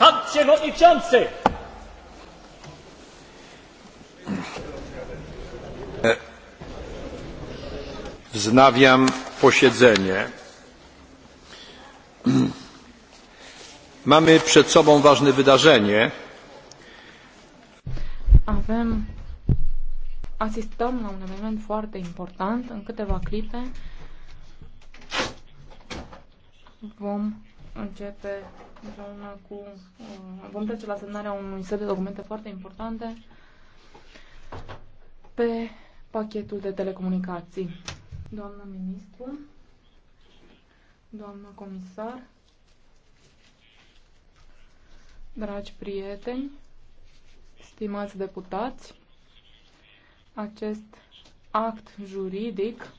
i Przewodniczący! Wznawiam posiedzenie. Mamy przed sobą ważne wydarzenie. Avem asistăm la un eveniment foarte important în câteva clipe. Vom începe împreună cu... Uh, vom trece la semnarea unui set de documente foarte importante pe pachetul de telecomunicații. Doamna ministru, doamna comisar, dragi prieteni, stimați deputați, acest act juridic